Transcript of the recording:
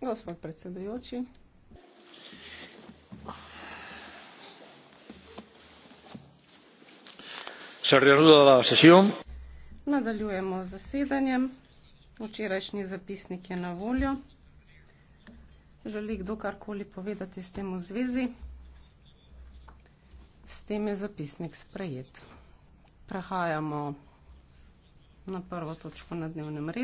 gospod predsedujoči se reanuda la sesión nadaljujemo z zasedanjem včerajšnji zapisnik je na voljo želi kdo karkoli povedati s tem v zvezi s tem je zapisnik sprejet prehajamo na prvo točko na dnevnem redu.